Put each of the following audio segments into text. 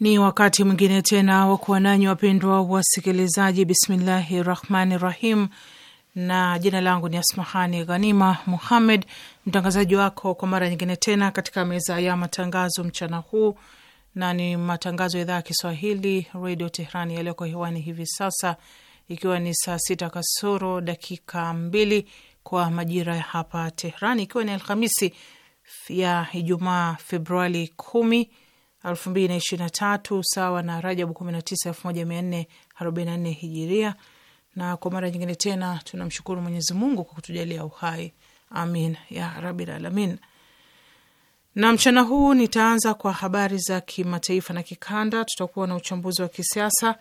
Ni wakati mwingine tena wa kuwa nanyi wapendwa wasikilizaji. Bismillahi rahmani rahim, na jina langu ni Asmahani Ghanima Muhammed, mtangazaji wako kwa mara nyingine tena katika meza ya matangazo mchana huu, na ni matangazo ya idhaa ya Kiswahili Redio Tehrani yaliyoko hewani hivi sasa, ikiwa ni saa sita kasoro dakika mbili kwa majira ya hapa Tehrani, ikiwa ni Alhamisi ya Ijumaa Februari kumi elfu sawa na Rajabu kumi na hijiria. Na kwa mara nyingine tena tunamshukuru Mwenyezi Mungu kwa kutujalia uhai, amin ya rabbil alamin. Na mchana huu nitaanza kwa habari za kimataifa na kikanda. Tutakuwa na uchambuzi wa kisiasa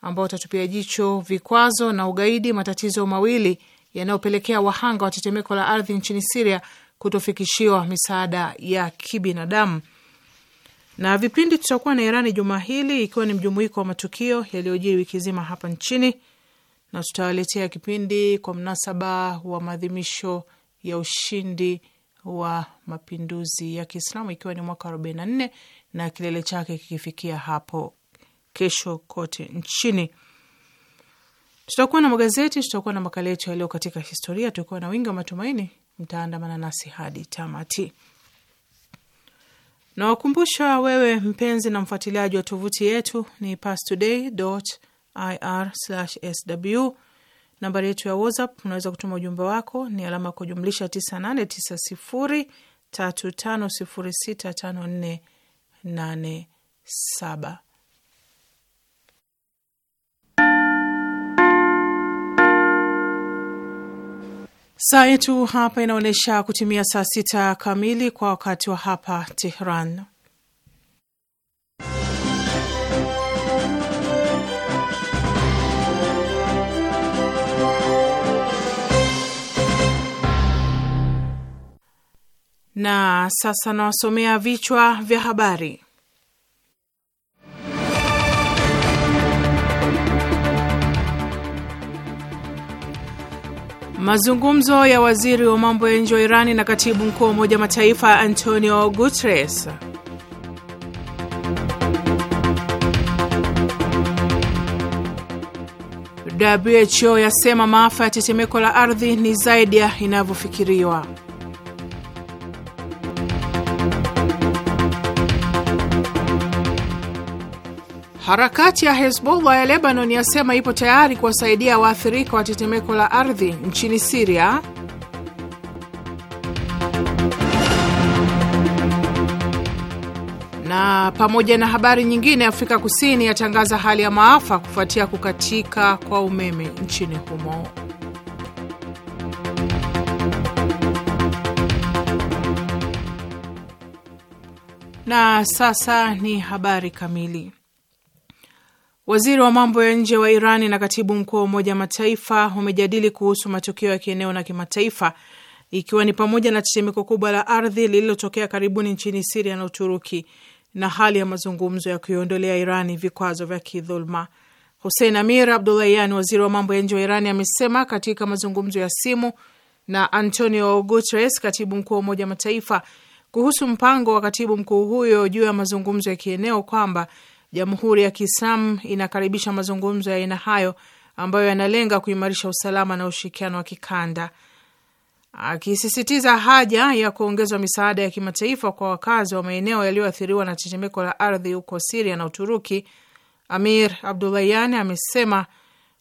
ambao utatupia jicho vikwazo na ugaidi, matatizo mawili yanayopelekea wahanga wa tetemeko la ardhi nchini Siria kutofikishiwa misaada ya kibinadamu na vipindi tutakuwa na Irani juma hili, ikiwa ni mjumuiko wa matukio yaliyojiri wiki zima hapa nchini, na tutawaletea kipindi kwa mnasaba wa maadhimisho ya ushindi wa mapinduzi ya Kiislamu, ikiwa ni mwaka 44 na kilele chake kikifikia hapo kesho kote nchini. Tutakuwa na magazeti, tutakuwa na makala yetu yaliyo katika historia, tutakuwa na wingi wa matumaini. Mtaandamana nasi hadi tamati. Nawakumbusha wewe mpenzi na mfuatiliaji wa tovuti yetu ni pastoday.ir/sw. Nambari yetu ya WhatsApp unaweza kutuma ujumbe wako ni alama kujumlisha 989035065487. Saa yetu hapa inaonyesha kutimia saa sita kamili kwa wakati wa hapa Tehran. Na sasa nawasomea vichwa vya habari. Mazungumzo ya waziri wa mambo ya nje wa Irani na katibu mkuu wa Umoja Mataifa Antonio Guterres. WHO yasema maafa ya tetemeko la ardhi ni zaidi ya inavyofikiriwa. Harakati ya Hezbollah ya Lebanon yasema ipo tayari kuwasaidia waathirika wa tetemeko la ardhi nchini Siria. Na pamoja na habari nyingine, Afrika Kusini yatangaza hali ya maafa kufuatia kukatika kwa umeme nchini humo. Na sasa ni habari kamili. Waziri wa mambo ya nje wa Irani na katibu mkuu wa Umoja wa Mataifa wamejadili kuhusu matukio ya kieneo na kimataifa ikiwa ni pamoja na tetemeko kubwa la ardhi lililotokea karibuni nchini Siria na Uturuki na hali ya mazungumzo ya kuiondolea Irani vikwazo vya kidhuluma. Hussein Amir Abdullahian, waziri wa mambo ya nje wa Irani, amesema katika mazungumzo ya simu na Antonio Guterres, katibu mkuu wa Umoja wa Mataifa, kuhusu mpango wa katibu mkuu huyo juu ya mazungumzo ya kieneo kwamba Jamhuri ya Kiislamu inakaribisha mazungumzo ya aina hayo ambayo yanalenga kuimarisha usalama na ushirikiano wa kikanda, akisisitiza haja ya kuongezwa misaada ya kimataifa kwa wakazi wa maeneo yaliyoathiriwa na tetemeko la ardhi huko Siria na Uturuki. Amir Abdulayan amesema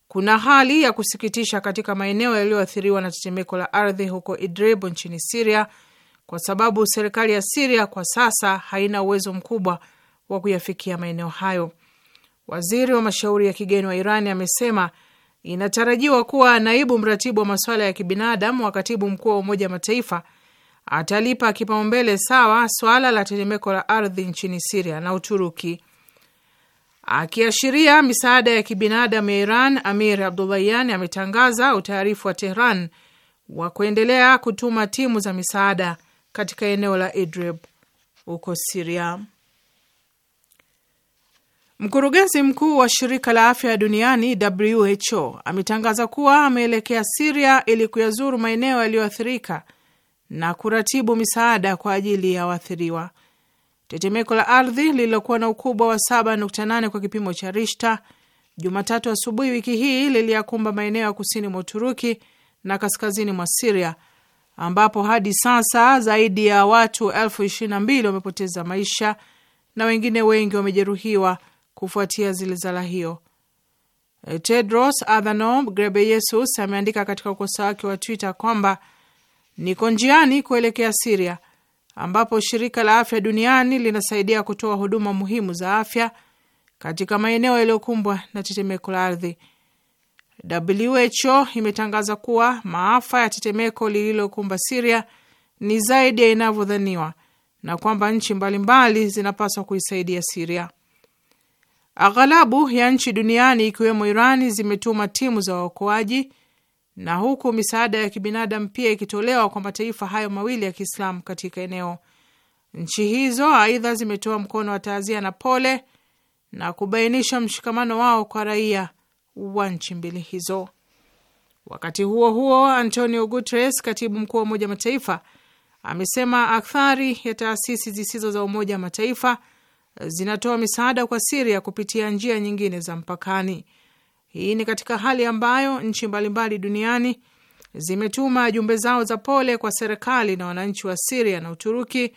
kuna hali ya kusikitisha katika maeneo yaliyoathiriwa na tetemeko la ardhi huko Idlib nchini Siria, kwa sababu serikali ya Siria kwa sasa haina uwezo mkubwa wa kuyafikia maeneo hayo. Waziri wa mashauri ya kigeni wa Irani amesema inatarajiwa kuwa naibu mratibu wa masuala ya kibinadamu wa katibu mkuu wa Umoja Mataifa atalipa kipaumbele sawa swala la tetemeko la ardhi nchini Siria na Uturuki. Akiashiria misaada ya kibinadamu ya Iran, Amir Abdullahian ametangaza utaarifu wa Tehran wa kuendelea kutuma timu za misaada katika eneo la Idrib huko Siria. Mkurugenzi mkuu wa shirika la afya duniani WHO ametangaza kuwa ameelekea Siria ili kuyazuru maeneo yaliyoathirika na kuratibu misaada kwa ajili ya waathiriwa. Tetemeko la ardhi lililokuwa na ukubwa wa 7.8 kwa kipimo cha Rishta Jumatatu asubuhi wiki hii liliyakumba maeneo ya kusini mwa Uturuki na kaskazini mwa Siria ambapo hadi sasa zaidi ya watu elfu wamepoteza maisha na wengine wengi wamejeruhiwa kufuatia zilzala hiyo. E, Tedros Adhanom Ghebreyesus ameandika katika ukosa wake wa Twitter kwamba niko njiani kuelekea Siria ambapo shirika la afya duniani linasaidia kutoa huduma muhimu za afya katika maeneo yaliyokumbwa na tetemeko la ardhi. WHO imetangaza kuwa maafa ya tetemeko lililokumba Siria ni zaidi ya inavyodhaniwa na kwamba nchi mbalimbali zinapaswa kuisaidia Siria. Aghalabu ya nchi duniani ikiwemo Irani zimetuma timu za waokoaji, na huku misaada ya kibinadamu pia ikitolewa kwa mataifa hayo mawili ya Kiislamu katika eneo. Nchi hizo aidha zimetoa mkono wa taazia na pole na kubainisha mshikamano wao kwa raia wa nchi mbili hizo. Wakati huo huo, Antonio Guterres, katibu mkuu wa Umoja Mataifa, amesema akthari ya taasisi zisizo za Umoja Mataifa zinatoa misaada kwa Siria kupitia njia nyingine za mpakani. Hii ni katika hali ambayo nchi mbalimbali duniani zimetuma jumbe zao za pole kwa serikali na wananchi wa Siria na Uturuki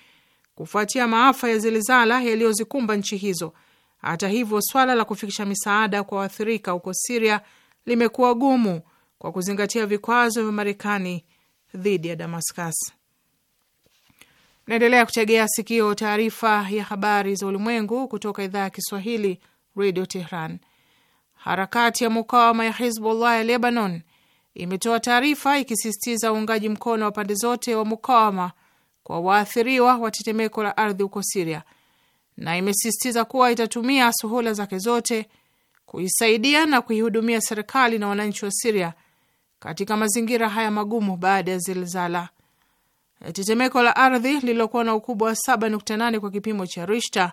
kufuatia maafa ya zilizala yaliyozikumba nchi hizo. Hata hivyo, swala la kufikisha misaada kwa waathirika huko Siria limekuwa gumu kwa kuzingatia vikwazo vya Marekani dhidi ya Damascus. Naendelea kutegea sikio taarifa ya habari za ulimwengu kutoka idhaa ya Kiswahili, Radio Tehran. Harakati ya mukawama ya Hizbullah ya Lebanon imetoa taarifa ikisisitiza uungaji mkono wa pande zote wa mukawama kwa waathiriwa wa tetemeko la ardhi huko Siria, na imesisitiza kuwa itatumia suhula zake zote kuisaidia na kuihudumia serikali na wananchi wa Siria katika mazingira haya magumu baada ya zilzala. Eh, tetemeko la ardhi lililokuwa na ukubwa wa 7.8 kwa kipimo cha Richter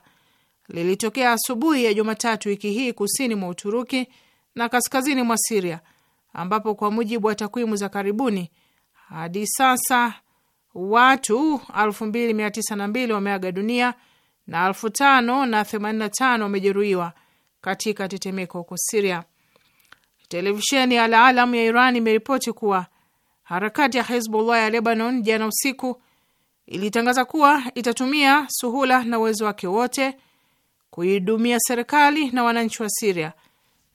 lilitokea asubuhi ya Jumatatu wiki hii kusini mwa Uturuki na kaskazini mwa Siria, ambapo kwa mujibu wa takwimu za karibuni hadi sasa watu 2902 wameaga dunia na 5085 wamejeruhiwa katika tetemeko huko Siria. Televisheni ya alalam Alam ya Iran imeripoti kuwa Harakati ya Hezbollah ya Lebanon jana usiku ilitangaza kuwa itatumia suhula na uwezo wake wote kuidumia serikali na wananchi wa Siria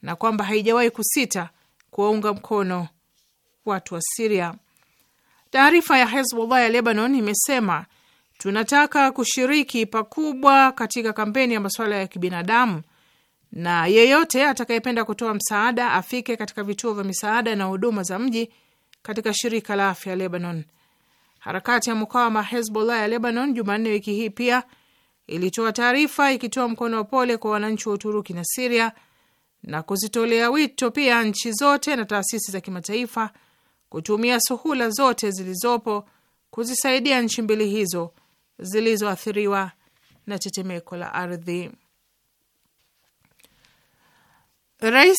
na kwamba haijawahi kusita kuwaunga mkono watu wa Siria. Taarifa ya Hezbollah ya Lebanon imesema tunataka kushiriki pakubwa katika kampeni ya masuala ya kibinadamu, na yeyote atakayependa kutoa msaada afike katika vituo vya misaada na huduma za mji katika shirika la afya Lebanon. Harakati ya mukawama Hezbollah ya Lebanon Jumanne wiki hii pia ilitoa taarifa ikitoa mkono wa pole kwa wananchi wa Uturuki na Siria na kuzitolea wito pia nchi zote na taasisi za kimataifa kutumia suhula zote zilizopo kuzisaidia nchi mbili hizo zilizoathiriwa na tetemeko la ardhi. Rais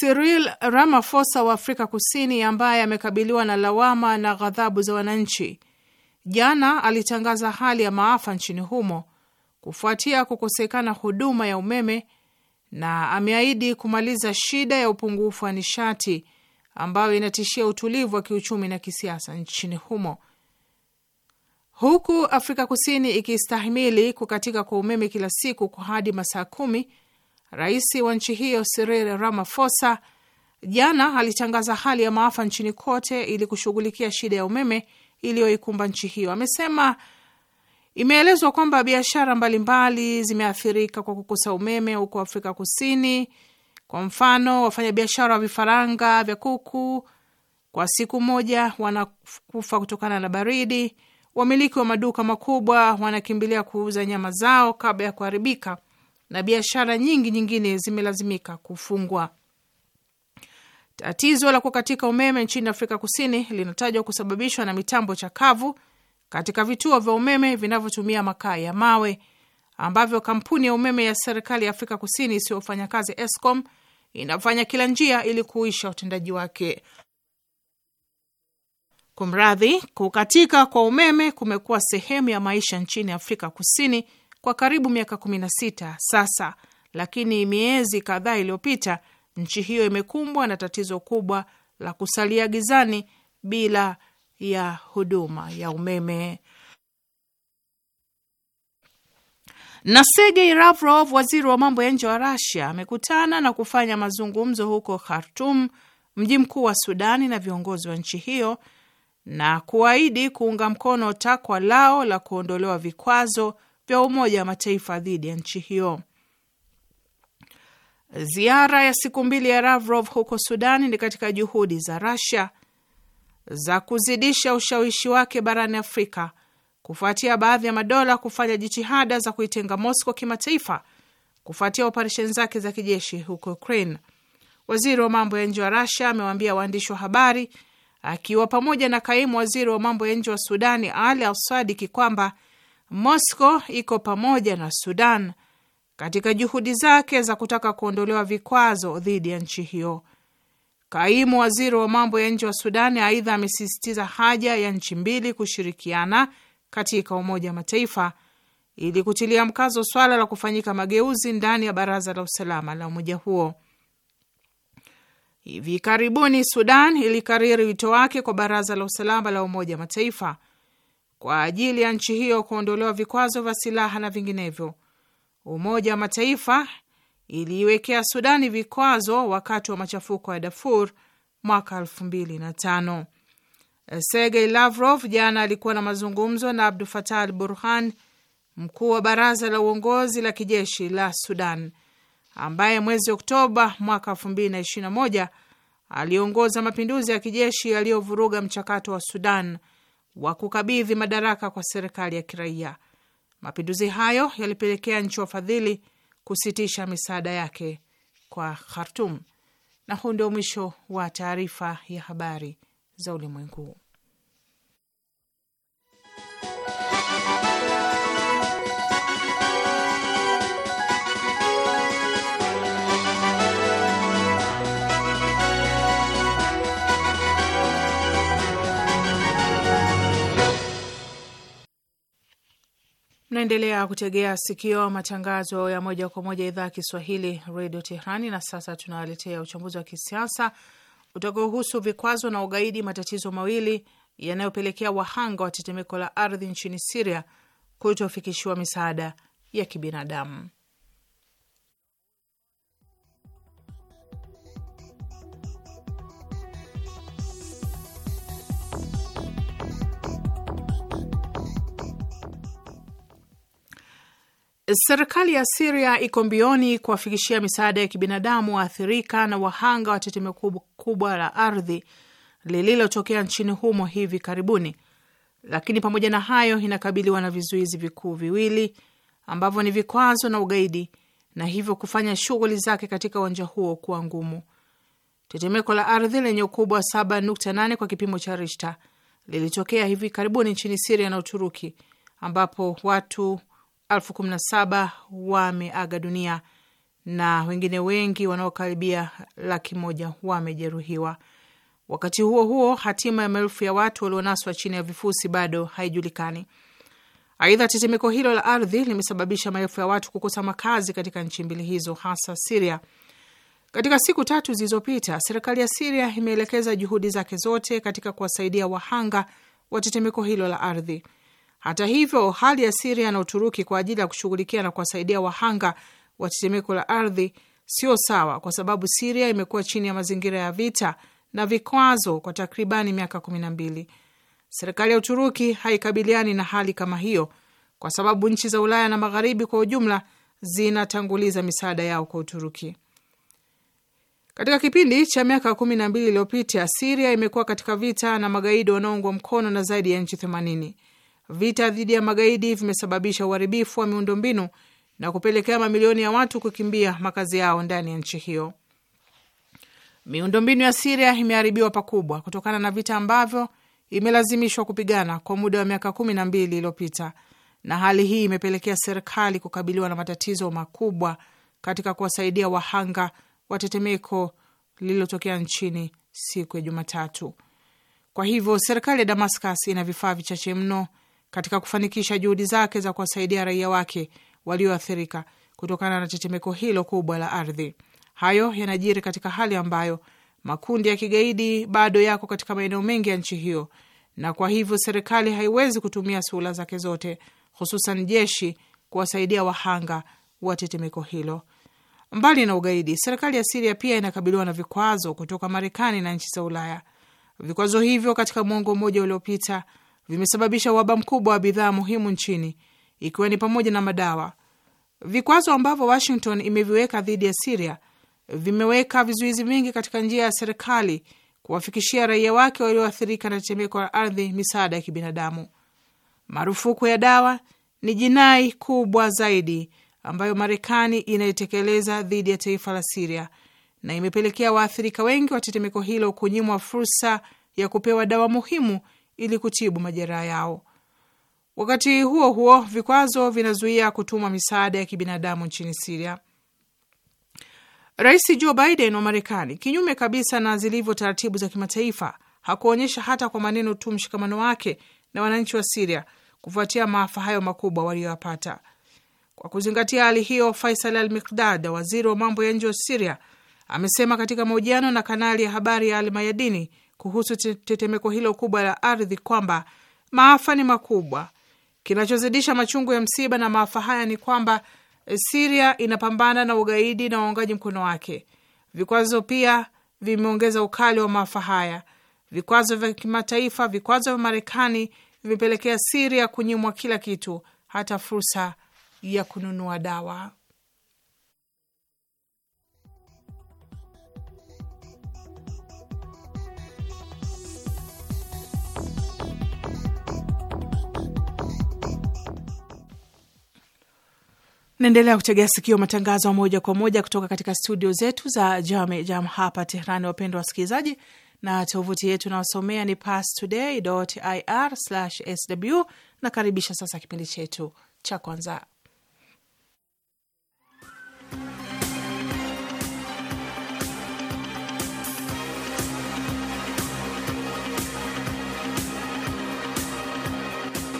Cyril Ramaphosa wa Afrika Kusini, ambaye amekabiliwa na lawama na ghadhabu za wananchi, jana alitangaza hali ya maafa nchini humo kufuatia kukosekana huduma ya umeme, na ameahidi kumaliza shida ya upungufu wa nishati ambayo inatishia utulivu wa kiuchumi na kisiasa nchini humo. Huku Afrika Kusini ikistahimili kukatika kwa umeme kila siku kwa hadi masaa kumi Rais wa nchi hiyo Cyril Ramaphosa jana alitangaza hali ya maafa nchini kote ili kushughulikia shida ya umeme iliyoikumba nchi hiyo. Amesema imeelezwa kwamba biashara mbalimbali zimeathirika kwa kukosa umeme huko Afrika Kusini. Kwa mfano, wafanyabiashara wa vifaranga vya kuku kwa siku moja wanakufa kutokana na baridi. Wamiliki wa maduka makubwa wanakimbilia kuuza nyama zao kabla ya kuharibika na biashara nyingi nyingine zimelazimika kufungwa. Tatizo la kukatika umeme nchini Afrika Kusini linatajwa kusababishwa na mitambo chakavu katika vituo vya umeme vinavyotumia makaa ya mawe ambavyo kampuni ya umeme ya serikali ya Afrika Kusini isiyofanya kazi Eskom inafanya kila njia ili kuisha utendaji wake. Kumradhi, kukatika kwa umeme kumekuwa sehemu ya maisha nchini Afrika Kusini kwa karibu miaka 16 sasa, lakini miezi kadhaa iliyopita nchi hiyo imekumbwa na tatizo kubwa la kusalia gizani bila ya huduma ya umeme. Na Sergei Lavrov, waziri wa mambo ya nje wa Rasia, amekutana na kufanya mazungumzo huko Khartum, mji mkuu wa Sudani, na viongozi wa nchi hiyo na kuahidi kuunga mkono takwa lao la kuondolewa vikwazo vya Umoja wa Mataifa dhidi ya nchi hiyo. Ziara ya siku mbili ya Lavrov huko Sudani ni katika juhudi za rasia za kuzidisha ushawishi wake barani Afrika kufuatia baadhi ya madola kufanya jitihada za kuitenga Moscow kimataifa kufuatia operesheni zake za kijeshi huko Ukraine. Waziri wa mambo ya nje wa rasia amewaambia waandishi wa habari akiwa pamoja na kaimu waziri wa mambo ya nje wa Sudani Ali Al Sadiki kwamba Moscow iko pamoja na Sudan katika juhudi zake za kutaka kuondolewa vikwazo dhidi ya nchi hiyo. Kaimu waziri wa mambo ya nje wa Sudani aidha amesisitiza haja ya nchi mbili kushirikiana katika Umoja wa Mataifa ili kutilia mkazo swala la kufanyika mageuzi ndani ya Baraza la Usalama la umoja huo. Hivi karibuni Sudan ilikariri wito wake kwa Baraza la Usalama la Umoja wa Mataifa kwa ajili ya nchi hiyo kuondolewa vikwazo vya silaha na vinginevyo. Umoja wa Mataifa iliiwekea Sudani vikwazo wakati wa machafuko ya Darfur mwaka elfu mbili na tano. Sergei Lavrov jana alikuwa na mazungumzo na Abdu Fatah al Burhan, mkuu wa baraza la uongozi la kijeshi la Sudan, ambaye mwezi Oktoba mwaka elfu mbili na ishirini na moja aliongoza mapinduzi ya kijeshi yaliyovuruga mchakato wa Sudan wa kukabidhi madaraka kwa serikali ya kiraia. Mapinduzi hayo yalipelekea nchi wafadhili kusitisha misaada yake kwa Khartum. Na huu ndio mwisho wa taarifa ya habari za ulimwengu. Mnaendelea kutegea sikio matangazo ya moja kwa moja idhaa ya Kiswahili redio Tehrani. Na sasa tunawaletea uchambuzi wa kisiasa utakaohusu vikwazo na ugaidi, matatizo mawili yanayopelekea wahanga wa tetemeko la ardhi nchini Siria kutofikishiwa misaada ya kibinadamu. Serikali ya Siria iko mbioni kuwafikishia misaada ya kibinadamu waathirika na wahanga wa tetemeko kubwa la ardhi lililotokea nchini humo hivi karibuni, lakini pamoja na hayo inakabiliwa na vizuizi vikuu viwili ambavyo ni vikwazo na ugaidi, na hivyo kufanya shughuli zake katika uwanja huo kuwa ngumu. Tetemeko la ardhi lenye ukubwa 7.8 kwa kipimo cha Richter lilitokea hivi karibuni nchini Siria na Uturuki ambapo watu elfu kumi na saba wameaga dunia na wengine wengi wanaokaribia laki moja wamejeruhiwa. Wakati huo huo, hatima ya maelfu ya watu walionaswa chini ya vifusi bado haijulikani. Aidha, tetemeko hilo la ardhi limesababisha maelfu ya watu kukosa makazi katika nchi mbili hizo, hasa Siria. Katika siku tatu zilizopita, serikali ya Siria imeelekeza juhudi zake zote katika kuwasaidia wahanga wa tetemeko hilo la ardhi. Hata hivyo, hali ya Siria na Uturuki kwa ajili ya kushughulikia na kuwasaidia wahanga wa tetemeko la ardhi sio sawa, kwa sababu Siria imekuwa chini ya mazingira ya vita na vikwazo kwa takribani miaka kumi na mbili. Serikali ya Uturuki haikabiliani na hali kama hiyo, kwa sababu nchi za Ulaya na magharibi kwa ujumla zinatanguliza misaada yao kwa Uturuki. Katika kipindi cha miaka kumi na mbili iliyopita, Siria imekuwa katika vita na magaidi wanaoungwa mkono na zaidi ya nchi themanini. Vita dhidi ya magaidi vimesababisha uharibifu wa miundombinu na kupelekea mamilioni ya watu kukimbia makazi yao ndani ya nchi hiyo. Miundombinu ya Siria imeharibiwa pakubwa kutokana na vita ambavyo imelazimishwa kupigana kwa muda wa miaka kumi na mbili iliyopita, na hali hii imepelekea serikali kukabiliwa na matatizo makubwa katika kuwasaidia wahanga wa tetemeko lililotokea nchini siku ya Jumatatu. Kwa hivyo serikali ya Damascus ina vifaa vichache mno katika kufanikisha juhudi zake za kuwasaidia raia wake walioathirika kutokana na tetemeko hilo kubwa la ardhi. Hayo yanajiri katika hali ambayo makundi ya kigaidi bado yako katika maeneo mengi ya nchi hiyo, na kwa hivyo serikali haiwezi kutumia suhula zake zote, hususan jeshi, kuwasaidia wahanga wa tetemeko hilo. Mbali na ugaidi, serikali ya Siria pia inakabiliwa na vikwazo kutoka Marekani na nchi za Ulaya. Vikwazo hivyo katika mwongo mmoja uliopita vimesababisha uhaba mkubwa wa bidhaa muhimu nchini ikiwa ni pamoja na madawa. Vikwazo ambavyo Washington imeviweka dhidi ya Siria vimeweka vizuizi vingi katika njia ya serikali kuwafikishia raia wake walioathirika na tetemeko la ardhi misaada ya kibinadamu. Marufuku ya dawa ni jinai kubwa zaidi ambayo Marekani inaitekeleza dhidi ya taifa la Siria na imepelekea waathirika wengi wa tetemeko hilo kunyimwa fursa ya kupewa dawa muhimu ili kutibu majeraha yao. Wakati huo huo, vikwazo vinazuia kutuma misaada ya kibinadamu nchini Siria. Rais Joe Biden wa Marekani, kinyume kabisa na zilivyo taratibu za kimataifa, hakuonyesha hata kwa maneno tu mshikamano wake na wananchi wa Siria kufuatia maafa hayo makubwa waliyoyapata. Kwa kuzingatia hali hiyo, Faisal Al Miqdad, waziri wa mambo ya nje wa Siria, amesema katika mahojiano na kanali ya habari ya Al Mayadini kuhusu tetemeko hilo kubwa la ardhi kwamba maafa ni makubwa. Kinachozidisha machungu ya msiba na maafa haya ni kwamba eh, Siria inapambana na ugaidi na waungaji mkono wake. Vikwazo pia vimeongeza ukali wa maafa haya. Vikwazo vya kimataifa, vikwazo vya Marekani vimepelekea Siria kunyimwa kila kitu, hata fursa ya kununua dawa. Naendelea kutegea sikio matangazo moja kwa moja kutoka katika studio zetu za Jame Jam hapa Tehrani, wapendwa wasikilizaji, na tovuti yetu nawasomea ni pastoday.ir/sw. Nakaribisha sasa kipindi chetu cha kwanza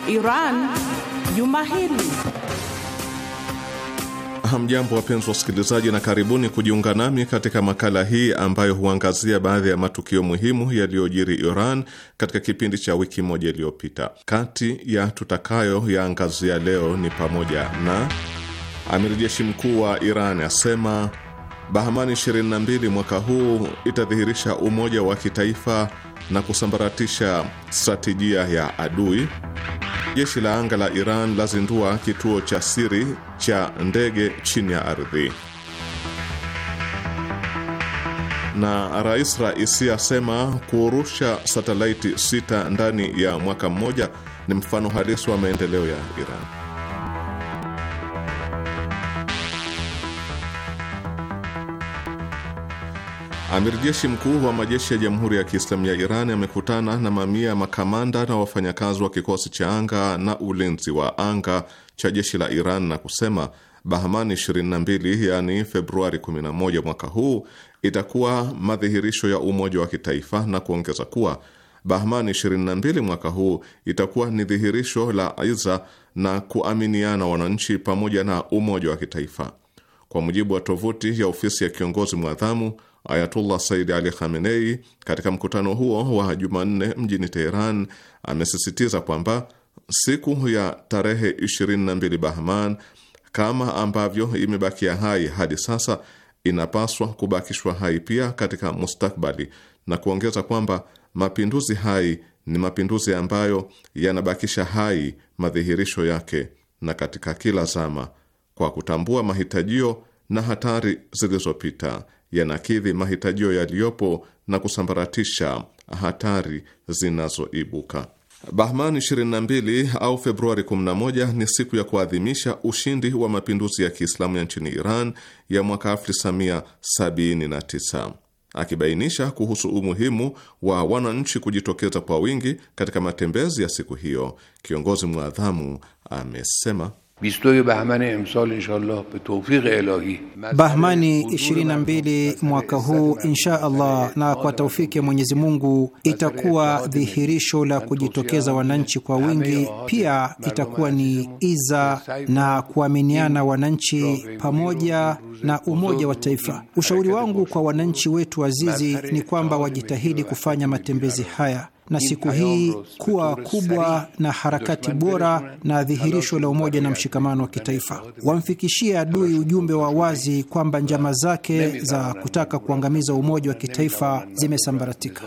Iran Juma Hili. Hamjambo, wapenzi wasikilizaji, na karibuni kujiunga nami katika makala hii ambayo huangazia baadhi ya matukio muhimu yaliyojiri Iran katika kipindi cha wiki moja iliyopita. Kati ya tutakayoyaangazia leo ni pamoja na amiri jeshi mkuu wa Iran asema Bahamani 22 mwaka huu itadhihirisha umoja wa kitaifa na kusambaratisha stratejia ya adui. Jeshi la anga la Iran lazindua kituo cha siri cha ndege chini ya ardhi. Na Rais Raisi asema kurusha satelaiti sita ndani ya mwaka mmoja ni mfano halisi wa maendeleo ya Iran. Amir jeshi mkuu wa majeshi ya Jamhuri ya Kiislamu ya Iran amekutana na mamia ya makamanda na wafanyakazi wa kikosi cha anga na ulinzi wa anga cha jeshi la Iran na kusema Bahmani 22 yani Februari 11 mwaka huu itakuwa madhihirisho ya umoja wa kitaifa na kuongeza kuwa bahman 22 mwaka huu itakuwa ni dhihirisho la aiza na kuaminiana wananchi pamoja na umoja wa kitaifa. Kwa mujibu wa tovuti ya ofisi ya kiongozi mwadhamu Ayatullah Said Ali Khamenei katika mkutano huo wa Jumanne mjini Teheran amesisitiza kwamba siku ya tarehe 22 Bahman kama ambavyo imebakia hai hadi sasa inapaswa kubakishwa hai pia katika mustakbali, na kuongeza kwamba mapinduzi hai ni mapinduzi ambayo yanabakisha hai madhihirisho yake na katika kila zama, kwa kutambua mahitajio na hatari zilizopita yanakidhi mahitajio yaliyopo na kusambaratisha hatari zinazoibuka. Bahman 22 au Februari 11 ni siku ya kuadhimisha ushindi wa mapinduzi ya Kiislamu ya nchini Iran ya mwaka 1979. Akibainisha kuhusu umuhimu wa wananchi kujitokeza kwa wingi katika matembezi ya siku hiyo, kiongozi mwadhamu amesema: Bahmani 22 mwaka huu insha Allah, na kwa taufiki ya Mwenyezi Mungu itakuwa dhihirisho la kujitokeza wananchi kwa wingi. Pia itakuwa ni iza na kuaminiana wananchi pamoja na umoja wa taifa. Ushauri wangu kwa wananchi wetu azizi ni kwamba wajitahidi kufanya matembezi haya na siku hii kuwa kubwa na harakati bora na dhihirisho la umoja na mshikamano wa kitaifa. Wamfikishie adui ujumbe wa wazi kwamba njama zake za kutaka kuangamiza umoja wa kitaifa zimesambaratika.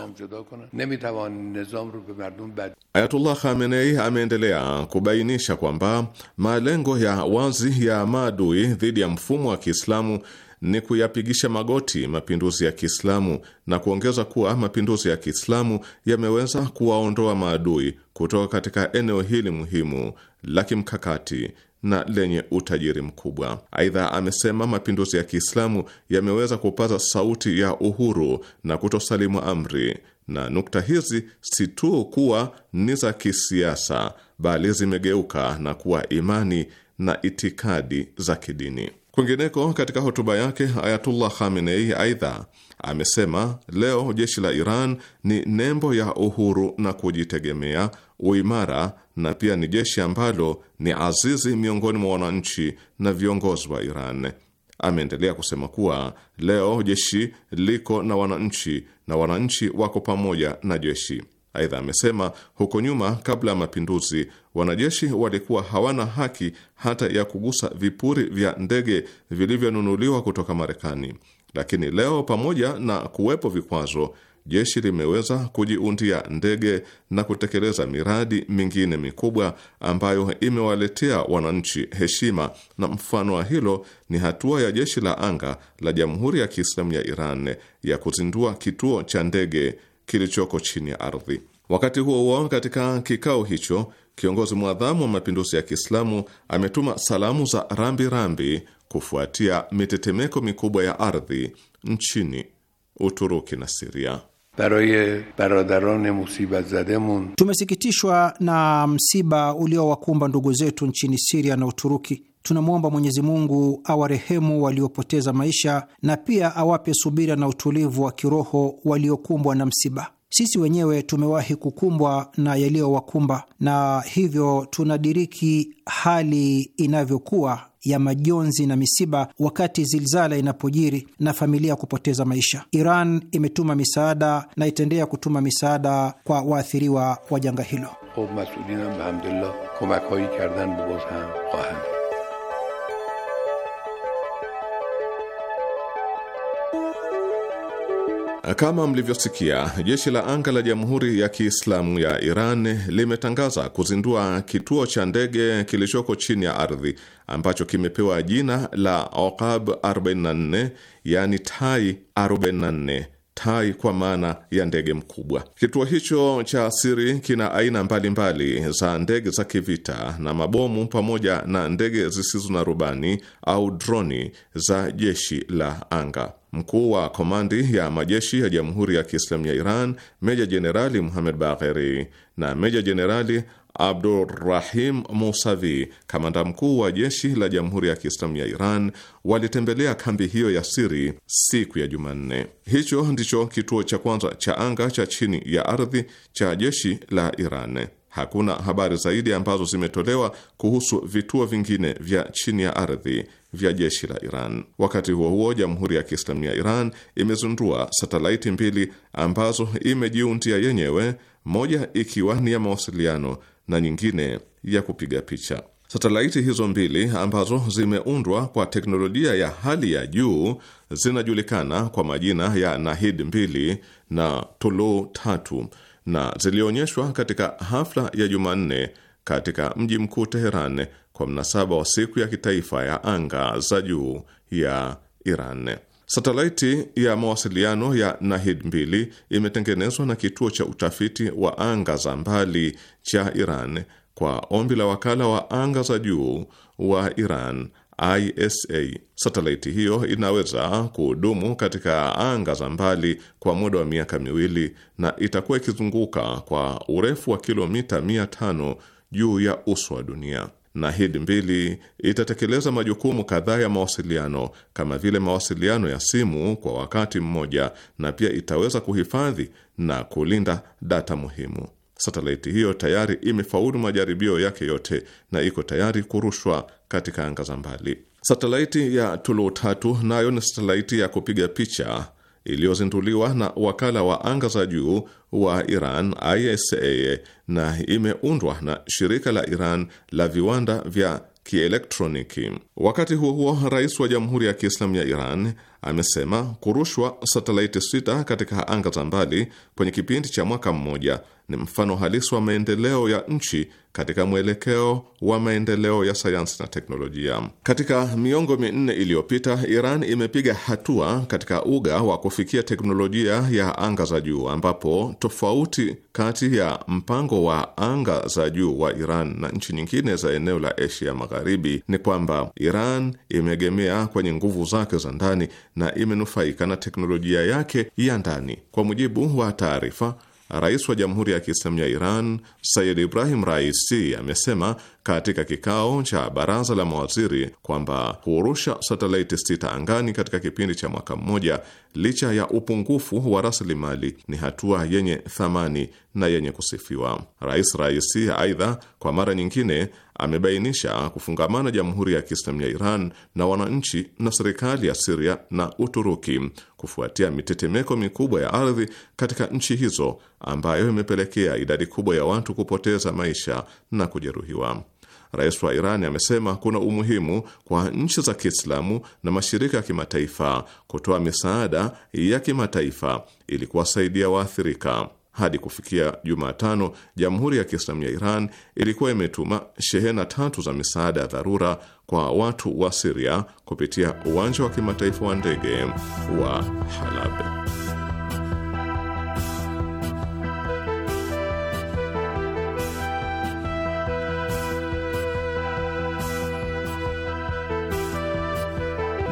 Ayatullah Khamenei ameendelea kubainisha kwamba malengo ya wazi ya maadui dhidi ya mfumo wa Kiislamu ni kuyapigisha magoti mapinduzi ya Kiislamu na kuongeza kuwa mapinduzi ya Kiislamu yameweza kuwaondoa maadui kutoka katika eneo hili muhimu la kimkakati na lenye utajiri mkubwa. Aidha, amesema mapinduzi ya Kiislamu yameweza kupaza sauti ya uhuru na kutosalimu amri, na nukta hizi si tu kuwa ni za kisiasa, bali zimegeuka na kuwa imani na itikadi za kidini. Kwingineko, katika hotuba yake Ayatullah Khamenei aidha amesema leo jeshi la Iran ni nembo ya uhuru na kujitegemea, uimara na pia ni jeshi ambalo ni azizi miongoni mwa wananchi na viongozi wa Iran. Ameendelea kusema kuwa leo jeshi liko na wananchi na wananchi wako pamoja na jeshi. Aidha amesema huko nyuma, kabla ya mapinduzi, wanajeshi walikuwa hawana haki hata ya kugusa vipuri vya ndege vilivyonunuliwa kutoka Marekani, lakini leo, pamoja na kuwepo vikwazo, jeshi limeweza kujiundia ndege na kutekeleza miradi mingine mikubwa ambayo imewaletea wananchi heshima, na mfano wa hilo ni hatua ya jeshi la anga la Jamhuri ya Kiislamu ya Iran ya kuzindua kituo cha ndege kilichoko chini ya ardhi. Wakati huo huo, katika kikao hicho kiongozi mwadhamu wa mapinduzi ya Kiislamu ametuma salamu za rambirambi rambi kufuatia mitetemeko mikubwa ya ardhi nchini Uturuki na Siria. Baraye baradarone musiba zademun, tumesikitishwa na msiba uliowakumba ndugu zetu nchini Siria na Uturuki tunamwomba Mwenyezi Mungu awarehemu waliopoteza maisha na pia awape subira na utulivu wa kiroho waliokumbwa na msiba. Sisi wenyewe tumewahi kukumbwa na yaliyowakumba, na hivyo tunadiriki hali inavyokuwa ya majonzi na misiba wakati zilzala inapojiri na familia kupoteza maisha. Iran imetuma misaada na itaendelea kutuma misaada kwa waathiriwa wa janga hilo. Kama mlivyosikia, jeshi la anga la Jamhuri ya Kiislamu ya Iran limetangaza kuzindua kituo cha ndege kilichoko chini ya ardhi ambacho kimepewa jina la Oqab 44, yani tai 44 tai kwa maana ya ndege mkubwa. Kituo hicho cha siri kina aina mbalimbali za ndege za kivita na mabomu pamoja na ndege zisizo na rubani au droni za jeshi la anga. Mkuu wa komandi ya majeshi ya Jamhuri ya Kiislamu ya Iran Meja Jenerali Muhamed Bagheri na Meja Jenerali Abdurrahim Musavi, kamanda mkuu wa jeshi la Jamhuri ya Kiislamu ya Iran, walitembelea kambi hiyo ya siri siku ya Jumanne. Hicho ndicho kituo cha kwanza cha anga cha chini ya ardhi cha jeshi la Iran. Hakuna habari zaidi ambazo zimetolewa kuhusu vituo vingine vya chini ya ardhi vya jeshi la Iran. Wakati huo huo, Jamhuri ya Kiislamu ya Iran imezundua satelaiti mbili ambazo imejiundia yenyewe, moja ikiwa ni ya mawasiliano na nyingine ya kupiga picha. Satelaiti hizo mbili ambazo zimeundwa kwa teknolojia ya hali ya juu zinajulikana kwa majina ya Nahid mbili na Tulu tatu na zilionyeshwa katika hafla ya Jumanne katika mji mkuu Teheran kwa mnasaba wa siku ya kitaifa ya anga za juu ya Iran. Satelaiti ya mawasiliano ya Nahid mbili imetengenezwa na kituo cha utafiti wa anga za mbali cha Iran kwa ombi la wakala wa anga za juu wa Iran ISA. Satelaiti hiyo inaweza kuhudumu katika anga za mbali kwa muda wa miaka miwili na itakuwa ikizunguka kwa urefu wa kilomita 500 juu ya uso wa dunia. nahid mbili itatekeleza majukumu kadhaa ya mawasiliano kama vile mawasiliano ya simu kwa wakati mmoja, na pia itaweza kuhifadhi na kulinda data muhimu. Satelaiti hiyo tayari imefaulu majaribio yake yote na iko tayari kurushwa katika anga za mbali. Satelaiti ya Tulu tatu nayo ni satelaiti ya kupiga picha iliyozinduliwa na wakala wa anga za juu wa Iran ISA na imeundwa na shirika la Iran la viwanda vya kielektroniki. Wakati huo huo, rais wa Jamhuri ya Kiislamu ya Iran amesema kurushwa satelaiti sita katika anga za mbali kwenye kipindi cha mwaka mmoja ni mfano halisi wa maendeleo ya nchi katika mwelekeo wa maendeleo ya sayansi na teknolojia. Katika miongo minne iliyopita, Iran imepiga hatua katika uga wa kufikia teknolojia ya anga za juu, ambapo tofauti kati ya mpango wa anga za juu wa Iran na nchi nyingine za eneo la Asia Magharibi ni kwamba Iran imeegemea kwenye nguvu zake za ndani na imenufaika na teknolojia yake ya ndani, kwa mujibu wa taarifa Rais wa Jamhuri ya Kiislamu ya Iran sayid Ibrahim Raisi amesema katika kikao cha baraza la mawaziri kwamba kurusha satelaiti sita angani katika kipindi cha mwaka mmoja, licha ya upungufu wa rasilimali, ni hatua yenye thamani na yenye kusifiwa. Rais Raisi aidha, kwa mara nyingine amebainisha kufungamana Jamhuri ya Kiislamu ya Iran na wananchi na serikali ya Siria na Uturuki kufuatia mitetemeko mikubwa ya ardhi katika nchi hizo ambayo imepelekea idadi kubwa ya watu kupoteza maisha na kujeruhiwa. Rais wa Iran amesema kuna umuhimu kwa nchi za Kiislamu na mashirika ya kimataifa kutoa misaada ya kimataifa ili kuwasaidia waathirika. Hadi kufikia Jumatano, Jamhuri ya Kiislamu ya Iran ilikuwa imetuma shehena tatu za misaada ya dharura kwa watu wa Siria kupitia uwanja wa kimataifa wa ndege wa Halab.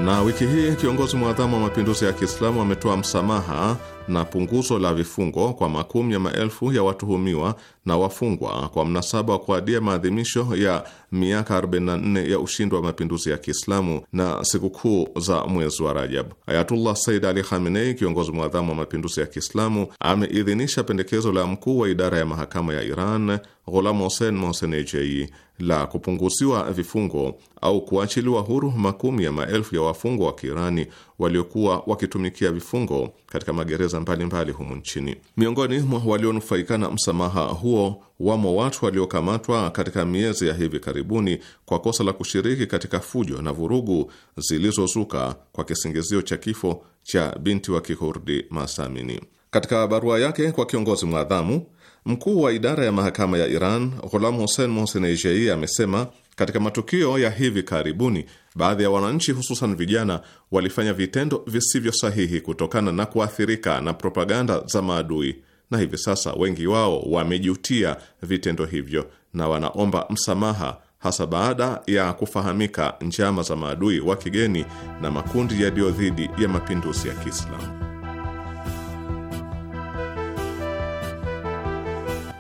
Na wiki hii kiongozi mwadhamu wa mapinduzi ya Kiislamu ametoa msamaha na punguzo la vifungo kwa makumi ya maelfu ya watuhumiwa na wafungwa kwa mnasaba wa kuadia maadhimisho ya miaka 44 ya ushindi wa mapinduzi ya Kiislamu na sikukuu za mwezi wa Rajab. Ayatullah Said Ali Khamenei, kiongozi mwadhamu wa mapinduzi ya Kiislamu, ameidhinisha pendekezo la mkuu wa idara ya mahakama ya Iran Ghulam Hossein Mosenejei la kupunguziwa vifungo au kuachiliwa huru makumi ya maelfu ya wafungwa wa Kiirani waliokuwa wakitumikia vifungo katika magereza mbalimbali humu nchini. Miongoni mwa walionufaikana msamaha huo wamo watu waliokamatwa katika miezi ya hivi karibuni kwa kosa la kushiriki katika fujo na vurugu zilizozuka kwa kisingizio cha kifo cha binti wa Kikurdi Masamini. Katika barua yake kwa kiongozi mwadhamu mkuu wa idara ya mahakama ya Iran Ghulam Hussein Mohsen Ejei amesema katika matukio ya hivi karibuni baadhi ya wananchi hususan vijana walifanya vitendo visivyo sahihi kutokana na kuathirika na propaganda za maadui, na hivi sasa wengi wao wamejutia vitendo hivyo na wanaomba msamaha, hasa baada ya kufahamika njama za maadui wa kigeni na makundi yaliyo dhidi ya mapinduzi ya Kiislamu.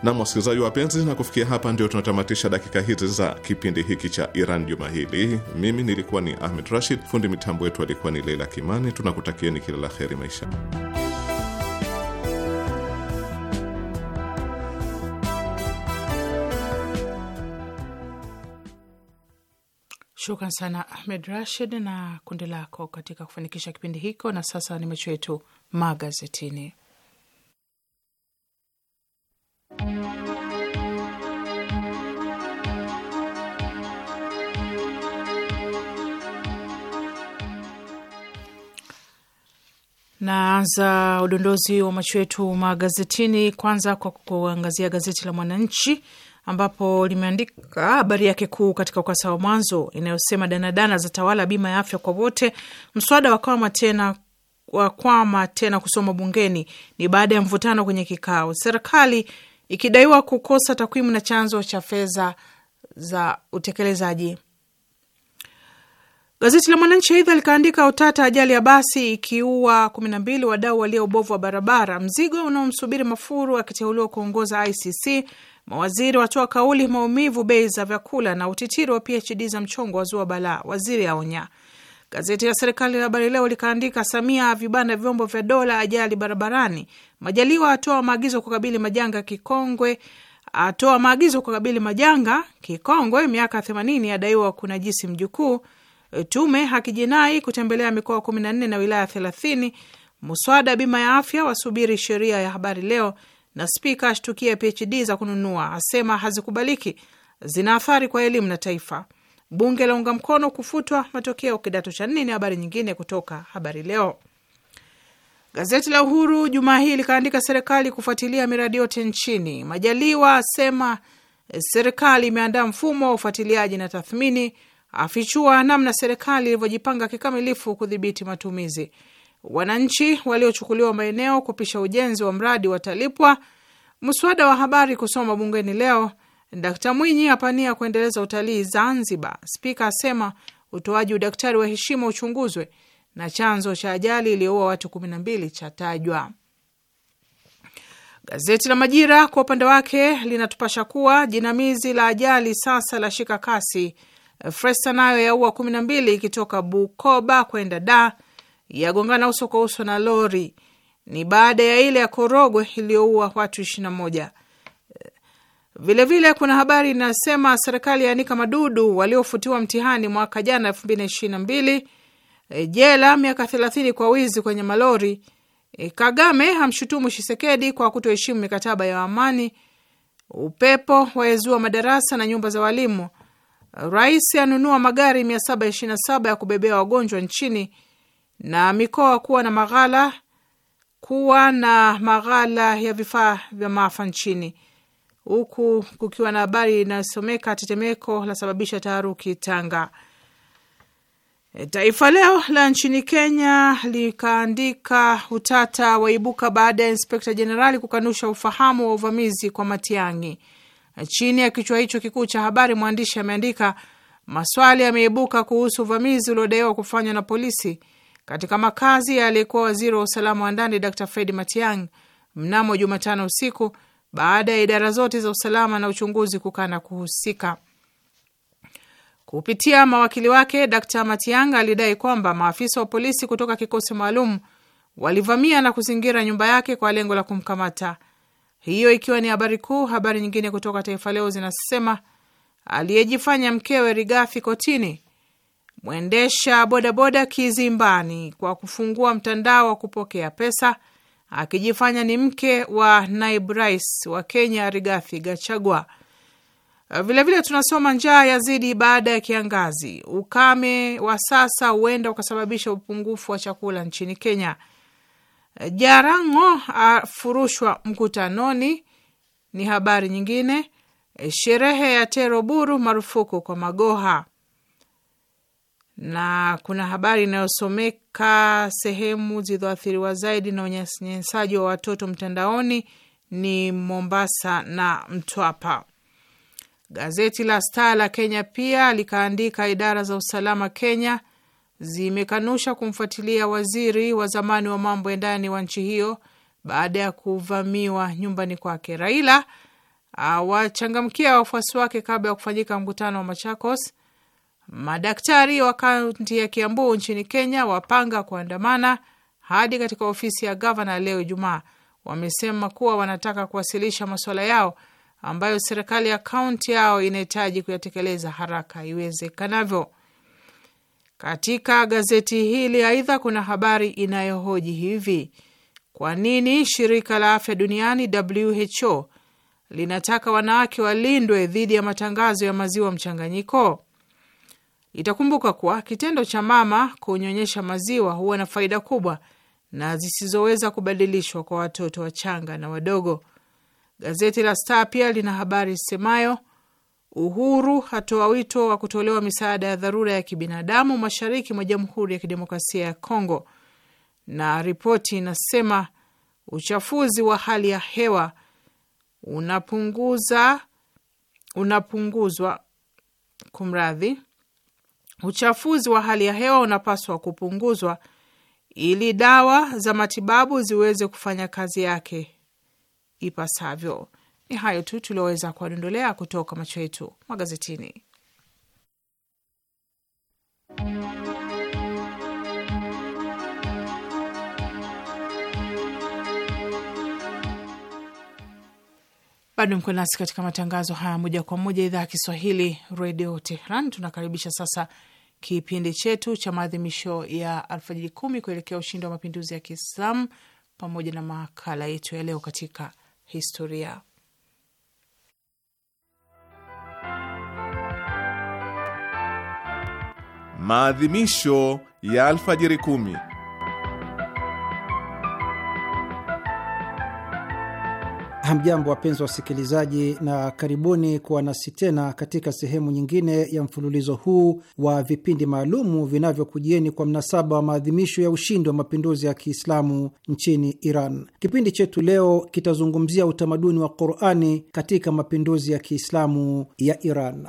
Na wasikilizaji wapenzi, na kufikia hapa ndio tunatamatisha dakika hizi za kipindi hiki cha Iran juma hili. Mimi nilikuwa ni Ahmed Rashid, fundi mitambo wetu alikuwa ni Leila Kimani. Tunakutakieni kila la heri maisha Shukran sana Ahmed Rashid na kundi lako katika kufanikisha kipindi hiko. Na sasa ni macho yetu magazetini. Naanza udondozi wa macho yetu magazetini kwanza kwa kuangazia gazeti la Mwananchi ambapo limeandika habari yake kuu katika ukurasa wa mwanzo inayosema danadana za tawala bima ya afya kwa wote, mswada wakwama tena, wakwama tena kusoma bungeni, ni baada ya mvutano kwenye kikao, serikali ikidaiwa kukosa takwimu na chanzo cha fedha za utekelezaji. Gazeti la Mwananchi aidha likaandika utata ajali ya basi ikiua kumi na mbili wadau walio ubovu wa barabara, mzigo unaomsubiri Mafuru akiteuliwa kuongoza ICC, mawaziri watoa kauli maumivu bei za vyakula na utitiri wa PhD za mchongo wa zua balaa, waziri aonya. Gazeti la serikali la Habari Leo likaandika Samia vibanda vyombo vya dola ajali barabarani, Majaliwa atoa maagizo kukabili majanga kikongwe atoa maagizo kukabili majanga Kikongwe, miaka 80 adaiwa kunajisi mjukuu, E, tume hakijinai kutembelea mikoa kumi na nne na wilaya thelathini. Muswada bima ya afya wasubiri sheria ya habari leo, na spika ashtukia PhD za kununua, asema hazikubaliki, zina athari kwa elimu na taifa. Bunge launga mkono kufutwa matokeo kidato cha nne. Ni habari nyingine kutoka habari leo. Gazeti la Uhuru jumaa hii likaandika serikali kufuatilia miradi yote nchini. Majaliwa asema e, serikali imeandaa mfumo wa ufuatiliaji na tathmini afichua namna serikali ilivyojipanga kikamilifu kudhibiti matumizi. Wananchi waliochukuliwa maeneo kupisha ujenzi wa mradi watalipwa. Mswada wa habari kusoma bungeni leo. Dkt Mwinyi apania kuendeleza utalii Zanzibar. Spika asema utoaji udaktari wa heshima uchunguzwe, na chanzo cha ajali iliyoua watu 12 chatajwa. Gazeti la Majira kwa upande wake linatupasha kuwa jinamizi la ajali sasa la shika kasi Fresta nayo yaua kumi na mbili ikitoka Bukoba kwenda Da, yagongana uso kwa uso na lori. Ni baada ya ile ya Korogwe iliyoua watu ishirini na moja. Vilevile kuna habari inasema serikali yaanika madudu waliofutiwa mtihani mwaka jana elfu mbili na ishirini na mbili e, jela miaka thelathini kwa wizi kwenye malori. E, Kagame hamshutumu Shisekedi kwa kutoheshimu mikataba ya amani. Upepo waezua madarasa na nyumba za walimu Rais anunua magari 727 ya kubebea wagonjwa nchini na mikoa kuwa na maghala kuwa na maghala ya vifaa vya maafa nchini, huku kukiwa na habari inayosomeka tetemeko lasababisha taharuki Tanga. E, Taifa Leo la nchini Kenya likaandika utata waibuka baada ya inspekta jenerali kukanusha ufahamu wa uvamizi kwa Matiang'i. Chini ya kichwa hicho kikuu cha habari, mwandishi ameandika maswali yameibuka kuhusu uvamizi uliodaiwa kufanywa na polisi katika makazi ya aliyekuwa waziri wa usalama wa ndani Dr Fred Matiang mnamo Jumatano usiku baada ya idara zote za usalama na uchunguzi kukana kuhusika. Kupitia mawakili wake, Dr Matiang alidai kwamba maafisa wa polisi kutoka kikosi maalum walivamia na kuzingira nyumba yake kwa lengo la kumkamata. Hiyo ikiwa ni habari kuu. Habari nyingine kutoka Taifa Leo zinasema aliyejifanya mkewe Rigathi kotini, mwendesha bodaboda kizimbani kwa kufungua mtandao wa kupokea pesa akijifanya ni mke wa naibu rais wa Kenya Rigathi Gachagua. Vilevile vile tunasoma njaa yazidi baada ya kiangazi, ukame wa sasa huenda ukasababisha upungufu wa chakula nchini Kenya. Jarango oh, afurushwa mkutanoni ni habari nyingine. E, sherehe ya tero buru marufuku kwa magoha, na kuna habari inayosomeka sehemu zilizoathiriwa zaidi na unyanyasaji wa watoto mtandaoni ni Mombasa na Mtwapa. Gazeti la Star la Kenya pia likaandika idara za usalama Kenya zimekanusha kumfuatilia waziri wa zamani wa mambo ya ndani wa nchi hiyo baada ya kuvamiwa nyumbani kwake. Raila awachangamkia wafuasi wake kabla ya kufanyika mkutano wa Machakos. Madaktari wa kaunti ya Kiambu nchini Kenya wapanga kuandamana hadi katika ofisi ya gavana leo Ijumaa. Wamesema kuwa wanataka kuwasilisha masuala yao ambayo serikali ya kaunti yao inahitaji kuyatekeleza haraka iwezekanavyo. Katika gazeti hili aidha, kuna habari inayohoji hivi: kwa nini shirika la afya duniani WHO linataka wanawake walindwe dhidi ya matangazo ya maziwa mchanganyiko? Itakumbuka kuwa kitendo cha mama kunyonyesha maziwa huwa na faida kubwa na zisizoweza kubadilishwa kwa watoto wachanga na wadogo. Gazeti la Star pia lina habari semayo Uhuru hatoa wito wa kutolewa misaada ya dharura ya kibinadamu mashariki mwa Jamhuri ya Kidemokrasia ya Kongo, na ripoti inasema uchafuzi wa hali ya hewa unapunguza unapunguzwa kumradhi, uchafuzi wa hali ya hewa unapaswa kupunguzwa ili dawa za matibabu ziweze kufanya kazi yake ipasavyo. Ni hayo tu tulioweza kuwadondolea kutoka macho yetu magazetini. Bado mko nasi katika matangazo haya moja kwa moja, idhaa ya Kiswahili redio Tehran. Tunakaribisha sasa kipindi chetu cha maadhimisho ya alfajiri kumi kuelekea ushindi wa mapinduzi ya Kiislamu pamoja na makala yetu ya leo katika historia. Maadhimisho ya alfajiri kumi. Hamjambo, wapenzi wa wasikilizaji, na karibuni kuwa nasi tena katika sehemu nyingine ya mfululizo huu wa vipindi maalumu vinavyokujieni kwa mnasaba wa maadhimisho ya ushindi wa mapinduzi ya Kiislamu nchini Iran. Kipindi chetu leo kitazungumzia utamaduni wa Qurani katika mapinduzi ya Kiislamu ya Iran.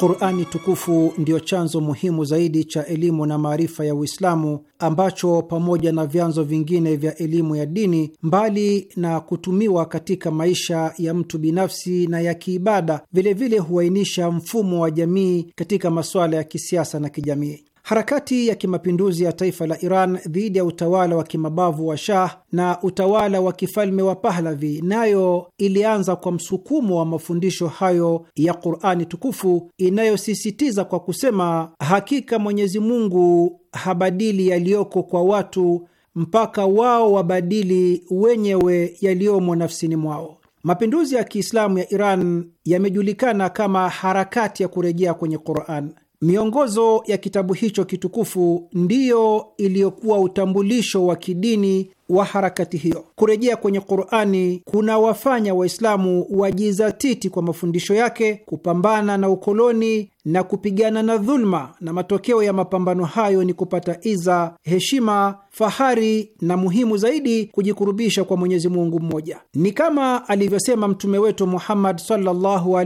Qurani tukufu ndiyo chanzo muhimu zaidi cha elimu na maarifa ya Uislamu ambacho pamoja na vyanzo vingine vya elimu ya dini, mbali na kutumiwa katika maisha ya mtu binafsi na ya kiibada, vilevile huainisha mfumo wa jamii katika masuala ya kisiasa na kijamii. Harakati ya kimapinduzi ya taifa la Iran dhidi ya utawala wa kimabavu wa Shah na utawala wa kifalme wa Pahlavi nayo ilianza kwa msukumo wa mafundisho hayo ya Qurani tukufu inayosisitiza kwa kusema, hakika Mwenyezi Mungu habadili yaliyoko kwa watu mpaka wao wabadili wenyewe yaliyomo nafsini mwao. Mapinduzi ya Kiislamu ya Iran yamejulikana kama harakati ya kurejea kwenye Quran. Miongozo ya kitabu hicho kitukufu ndiyo iliyokuwa utambulisho wa kidini wa harakati hiyo. Kurejea kwenye Qurani kunawafanya Waislamu wajizatiti kwa mafundisho yake, kupambana na ukoloni na kupigana na dhuluma, na matokeo ya mapambano hayo ni kupata iza, heshima, fahari na muhimu zaidi, kujikurubisha kwa Mwenyezi Mungu mmoja. Ni kama alivyosema mtume wetu Muhammad sallallahu wa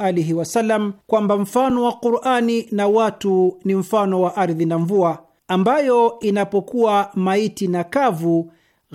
alihi wasallam kwamba mfano wa Qurani na watu ni mfano wa ardhi na mvua ambayo inapokuwa maiti na kavu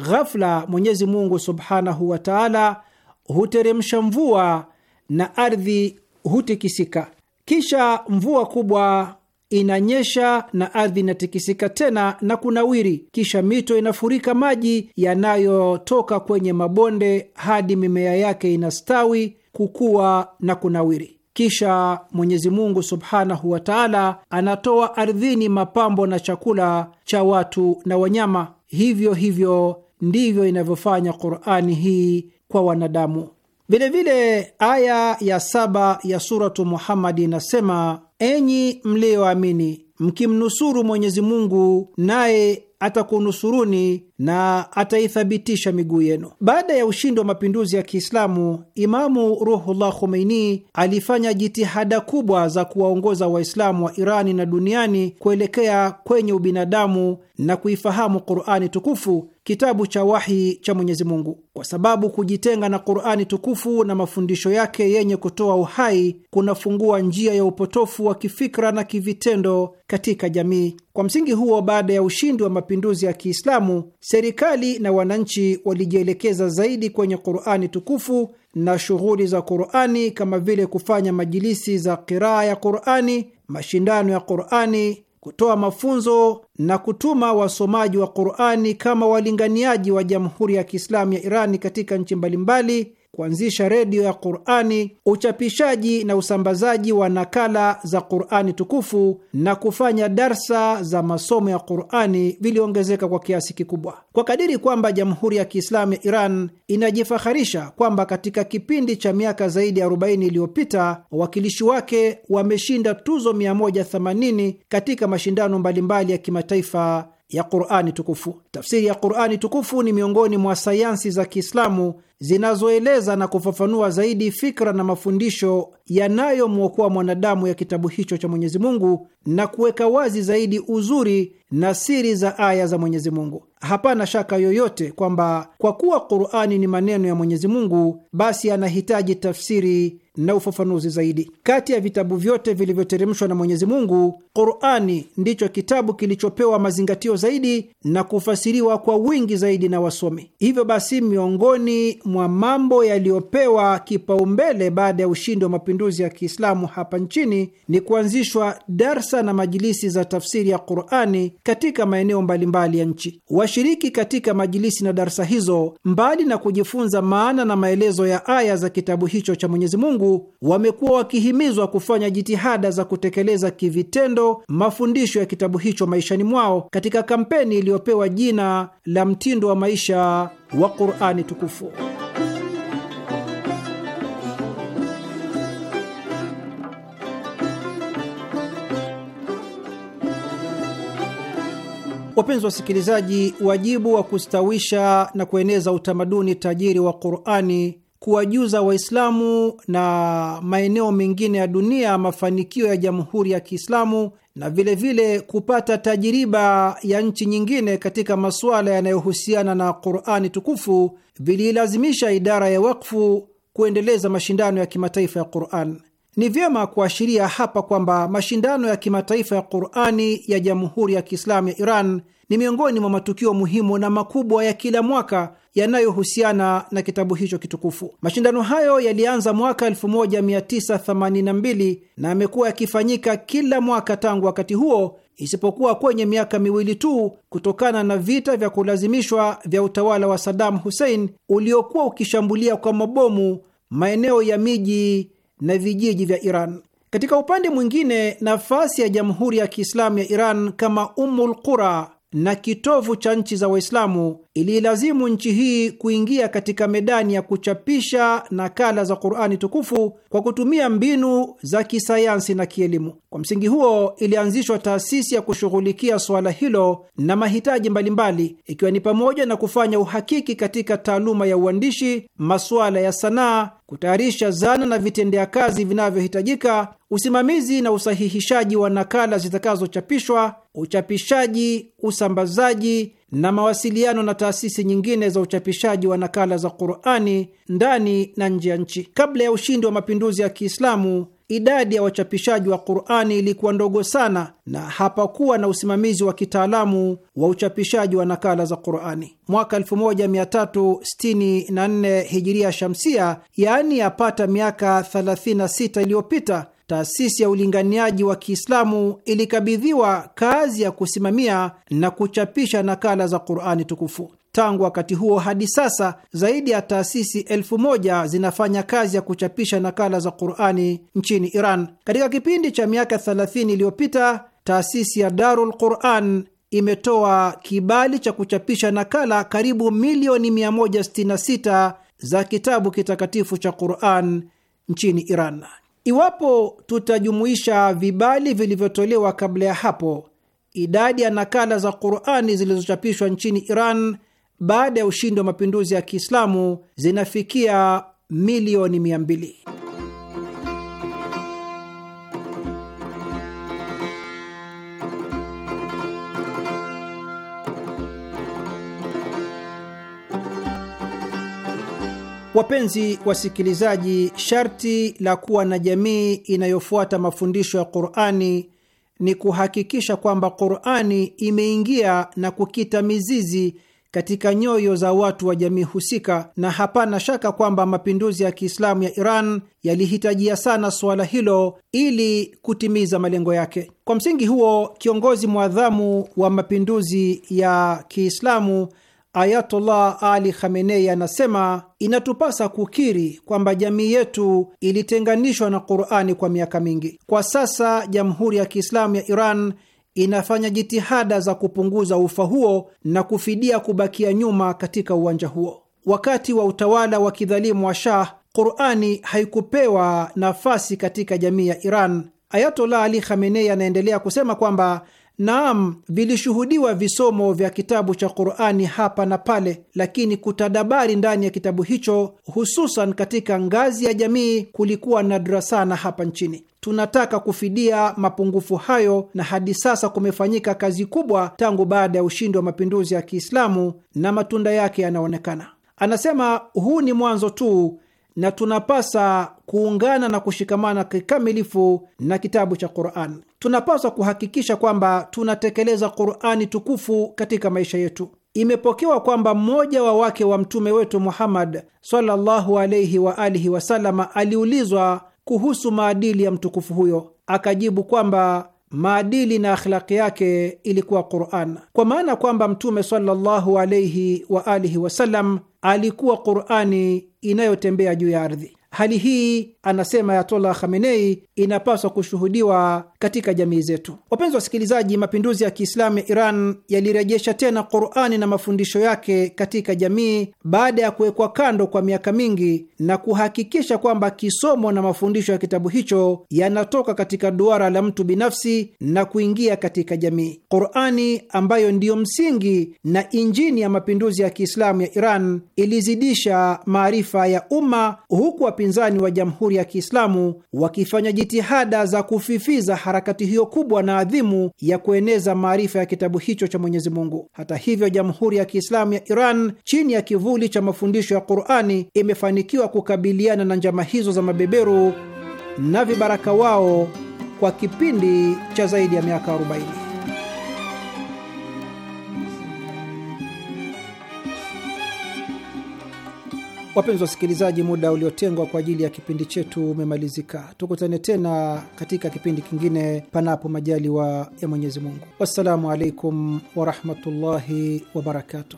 Ghafla Mwenyezi Mungu subhanahu wa taala huteremsha mvua na ardhi hutikisika, kisha mvua kubwa inanyesha na ardhi inatikisika tena na kunawiri, kisha mito inafurika maji yanayotoka kwenye mabonde hadi mimea yake inastawi, kukua na kunawiri. Kisha Mwenyezi Mungu subhanahu wa taala anatoa ardhini mapambo na chakula cha watu na wanyama. Hivyo hivyo ndivyo inavyofanya Qurani hii kwa wanadamu. Vilevile aya ya saba ya suratu Muhammadi inasema, enyi mliyoamini, mkimnusuru Mwenyezi Mungu naye atakunusuruni na ataithabitisha miguu yenu. Baada ya ushindi wa mapinduzi ya Kiislamu, Imamu Ruhullah Khomeini alifanya jitihada kubwa za kuwaongoza Waislamu wa Irani na duniani kuelekea kwenye ubinadamu na kuifahamu Qurani tukufu kitabu cha wahi cha Mwenyezi Mungu, kwa sababu kujitenga na Qur'ani tukufu na mafundisho yake yenye kutoa uhai kunafungua njia ya upotofu wa kifikra na kivitendo katika jamii. Kwa msingi huo, baada ya ushindi wa mapinduzi ya Kiislamu, serikali na wananchi walijielekeza zaidi kwenye Qur'ani tukufu na shughuli za Qur'ani kama vile kufanya majilisi za qiraa ya Qur'ani, mashindano ya Qur'ani kutoa mafunzo na kutuma wasomaji wa Qurani kama walinganiaji wa Jamhuri ya Kiislamu ya Irani katika nchi mbalimbali kuanzisha redio ya Qurani, uchapishaji na usambazaji wa nakala za Qurani tukufu na kufanya darsa za masomo ya Qurani viliongezeka kwa kiasi kikubwa, kwa kadiri kwamba Jamhuri ya Kiislamu ya Iran inajifaharisha kwamba katika kipindi cha miaka zaidi ya 40 iliyopita wawakilishi wake wameshinda tuzo 180 katika mashindano mbalimbali ya kimataifa ya Qurani tukufu. Tafsiri ya Qurani tukufu ni miongoni mwa sayansi za Kiislamu zinazoeleza na kufafanua zaidi fikra na mafundisho yanayomwokoa mwanadamu ya kitabu hicho cha Mwenyezi Mungu na kuweka wazi zaidi uzuri na siri za aya za Mwenyezi Mungu. Hapana shaka yoyote kwamba kwa kuwa Qurani ni maneno ya Mwenyezi Mungu, basi anahitaji tafsiri na ufafanuzi zaidi. Kati ya vitabu vyote vilivyoteremshwa na Mwenyezi Mungu, Qurani ndicho kitabu kilichopewa mazingatio zaidi na kufa kufasiriwa kwa wingi zaidi na wasomi. Hivyo basi, miongoni mwa mambo yaliyopewa kipaumbele baada ya ushindi wa mapinduzi ya Kiislamu hapa nchini ni kuanzishwa darsa na majilisi za tafsiri ya Qurani katika maeneo mbalimbali ya nchi. Washiriki katika majilisi na darsa hizo, mbali na kujifunza maana na maelezo ya aya za kitabu hicho cha Mwenyezi Mungu, wamekuwa wakihimizwa kufanya jitihada za kutekeleza kivitendo mafundisho ya kitabu hicho maishani mwao katika kampeni iliyopewa jina jina la mtindo wa maisha wa Qur'ani tukufu. Wapenzi wasikilizaji, wajibu wa kustawisha na kueneza utamaduni tajiri wa Qur'ani kuwajuza Waislamu na maeneo mengine ya dunia mafanikio ya Jamhuri ya Kiislamu na vilevile vile kupata tajiriba ya nchi nyingine katika masuala yanayohusiana na Qurani tukufu viliilazimisha idara ya wakfu kuendeleza mashindano ya kimataifa ya Quran. Ni vyema kuashiria hapa kwamba mashindano ya kimataifa ya Qurani ya Jamhuri ya Kiislamu ya Iran ni miongoni mwa matukio muhimu na makubwa ya kila mwaka yanayohusiana na kitabu hicho kitukufu. Mashindano hayo yalianza mwaka 1982 na yamekuwa yakifanyika kila mwaka tangu wakati huo, isipokuwa kwenye miaka miwili tu kutokana na vita vya kulazimishwa vya utawala wa Saddam Hussein uliokuwa ukishambulia kwa mabomu maeneo ya miji na vijiji vya Iran. Katika upande mwingine, nafasi ya Jamhuri ya Kiislamu ya Iran kama Ummul Qura na kitovu cha nchi za Waislamu iliilazimu nchi hii kuingia katika medani ya kuchapisha nakala za Qurani tukufu kwa kutumia mbinu za kisayansi na kielimu. Kwa msingi huo, ilianzishwa taasisi ya kushughulikia suala hilo na mahitaji mbalimbali, ikiwa ni pamoja na kufanya uhakiki katika taaluma ya uandishi, masuala ya sanaa, kutayarisha zana na vitendea kazi vinavyohitajika, usimamizi na usahihishaji wa nakala zitakazochapishwa, uchapishaji, usambazaji na mawasiliano na taasisi nyingine za uchapishaji wa nakala za Qurani ndani na nje ya nchi. Kabla ya ushindi wa mapinduzi ya Kiislamu, idadi ya wachapishaji wa Qurani ilikuwa ndogo sana na hapakuwa na usimamizi wa kitaalamu wa uchapishaji wa nakala za Qurani. Mwaka 1364 hijiria shamsia, yaani yapata miaka 36 iliyopita taasisi ya ulinganiaji wa Kiislamu ilikabidhiwa kazi ya kusimamia na kuchapisha nakala za Qurani tukufu. Tangu wakati huo hadi sasa zaidi ya taasisi elfu moja zinafanya kazi ya kuchapisha nakala za Qurani nchini Iran. Katika kipindi cha miaka 30 iliyopita, taasisi ya Darul Quran imetoa kibali cha kuchapisha nakala karibu milioni 166 za kitabu kitakatifu cha Quran nchini Iran. Iwapo tutajumuisha vibali vilivyotolewa kabla ya hapo, idadi ya nakala za Qurani zilizochapishwa nchini Iran baada ya ushindi wa mapinduzi ya Kiislamu zinafikia milioni mia mbili. Wapenzi wasikilizaji, sharti la kuwa na jamii inayofuata mafundisho ya Qur'ani ni kuhakikisha kwamba Qur'ani imeingia na kukita mizizi katika nyoyo za watu wa jamii husika, na hapana shaka kwamba mapinduzi ya Kiislamu ya Iran yalihitajia sana suala hilo ili kutimiza malengo yake. Kwa msingi huo, kiongozi mwadhamu wa mapinduzi ya Kiislamu Ayatollah Ali Khamenei anasema inatupasa kukiri kwamba jamii yetu ilitenganishwa na Qurani kwa miaka mingi. Kwa sasa Jamhuri ya Kiislamu ya Iran inafanya jitihada za kupunguza ufa huo na kufidia kubakia nyuma katika uwanja huo. Wakati wa utawala wa kidhalimu wa Shah, Qurani haikupewa nafasi katika jamii ya Iran. Ayatollah Ali Khamenei anaendelea kusema kwamba Naam, vilishuhudiwa visomo vya kitabu cha Qur'ani hapa na pale, lakini kutadabari ndani ya kitabu hicho, hususan katika ngazi ya jamii, kulikuwa nadra sana hapa nchini. Tunataka kufidia mapungufu hayo, na hadi sasa kumefanyika kazi kubwa tangu baada ya ushindi wa mapinduzi ya Kiislamu, na matunda yake yanaonekana. Anasema huu ni mwanzo tu na tunapasa kuungana na kushikamana kikamilifu na kitabu cha Qur'an. Tunapaswa kuhakikisha kwamba tunatekeleza Qur'ani tukufu katika maisha yetu. Imepokewa kwamba mmoja wa wake wa mtume wetu Muhammad sallallahu wa alihi aliulizwa kuhusu maadili ya mtukufu huyo, akajibu kwamba maadili na akhlaqi yake ilikuwa Quran, kwa maana kwamba Mtume sallallahu alaihi wa alihi wasallam alikuwa Qurani inayotembea juu ya ardhi. Hali hii anasema Ayatollah Khamenei, inapaswa kushuhudiwa katika jamii zetu. Wapenzi wasikilizaji, mapinduzi ya Kiislamu ya Iran yalirejesha tena Qurani na mafundisho yake katika jamii baada ya kuwekwa kando kwa miaka mingi na kuhakikisha kwamba kisomo na mafundisho ya kitabu hicho yanatoka katika duara la mtu binafsi na kuingia katika jamii. Qurani ambayo ndiyo msingi na injini ya mapinduzi ya Kiislamu ya Iran ilizidisha maarifa ya umma, huku wapinzani wa jamhuri ya Kiislamu wakifanya jitihada za kufifiza harakati hiyo kubwa na adhimu ya kueneza maarifa ya kitabu hicho cha Mwenyezi Mungu. Hata hivyo, Jamhuri ya Kiislamu ya Iran chini ya kivuli cha mafundisho ya Qur'ani imefanikiwa kukabiliana na njama hizo za mabeberu na vibaraka wao kwa kipindi cha zaidi ya miaka 40. Wapenzi wasikilizaji, muda uliotengwa kwa ajili ya kipindi chetu umemalizika. Tukutane tena katika kipindi kingine, panapo majaliwa ya Mwenyezi Mungu. Wassalamu alaikum warahmatullahi wabarakatuh.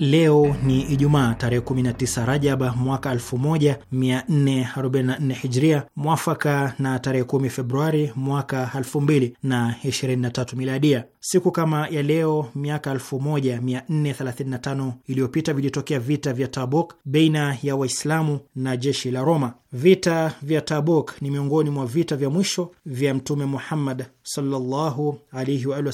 Leo ni Ijumaa tarehe 19 Rajaba mwaka 1444 Hijria, mwafaka na tarehe 10 Februari mwaka 2023 Miladia. Siku kama ya leo miaka 1435 iliyopita vilitokea vita vya Tabuk baina ya Waislamu na jeshi la Roma. Vita vya Tabuk ni miongoni mwa vita vya mwisho vya Mtume Muhammad sallallahu alaihi wa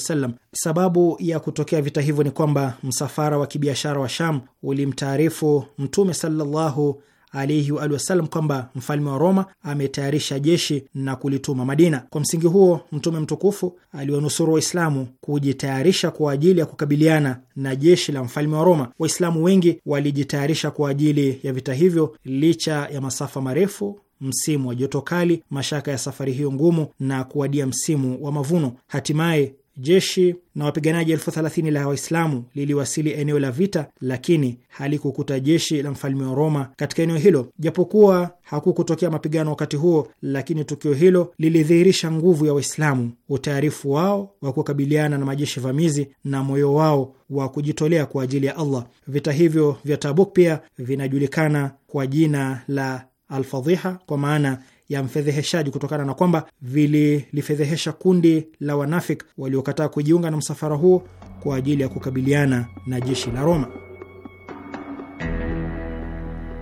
Sababu ya kutokea vita hivyo ni kwamba msafara wa kibiashara mtawala wa Sham ulimtaarifu Mtume sallallahu alaihi wa alihi wasallam kwamba mfalme wa Roma ametayarisha jeshi na kulituma Madina. Kwa msingi huo, Mtume mtukufu aliwanusuru Waislamu kujitayarisha kwa ajili ya kukabiliana na jeshi la mfalme wa Roma. Waislamu wengi walijitayarisha kwa ajili ya vita hivyo licha ya masafa marefu msimu wa joto kali, mashaka ya safari hiyo ngumu na kuwadia msimu wa mavuno. Hatimaye Jeshi na wapiganaji elfu thelathini la Waislamu liliwasili eneo la vita, lakini halikukuta jeshi la mfalme wa Roma katika eneo hilo. Japokuwa hakukutokea mapigano wakati huo, lakini tukio hilo lilidhihirisha nguvu ya Waislamu, utaarifu wao wa kukabiliana na majeshi vamizi na moyo wao wa kujitolea kwa ajili ya Allah. Vita hivyo vya Tabuk pia vinajulikana kwa jina la Alfadhiha kwa maana ya mfedheheshaji kutokana na kwamba vililifedhehesha kundi la wanafik waliokataa kujiunga na msafara huo kwa ajili ya kukabiliana na jeshi la Roma.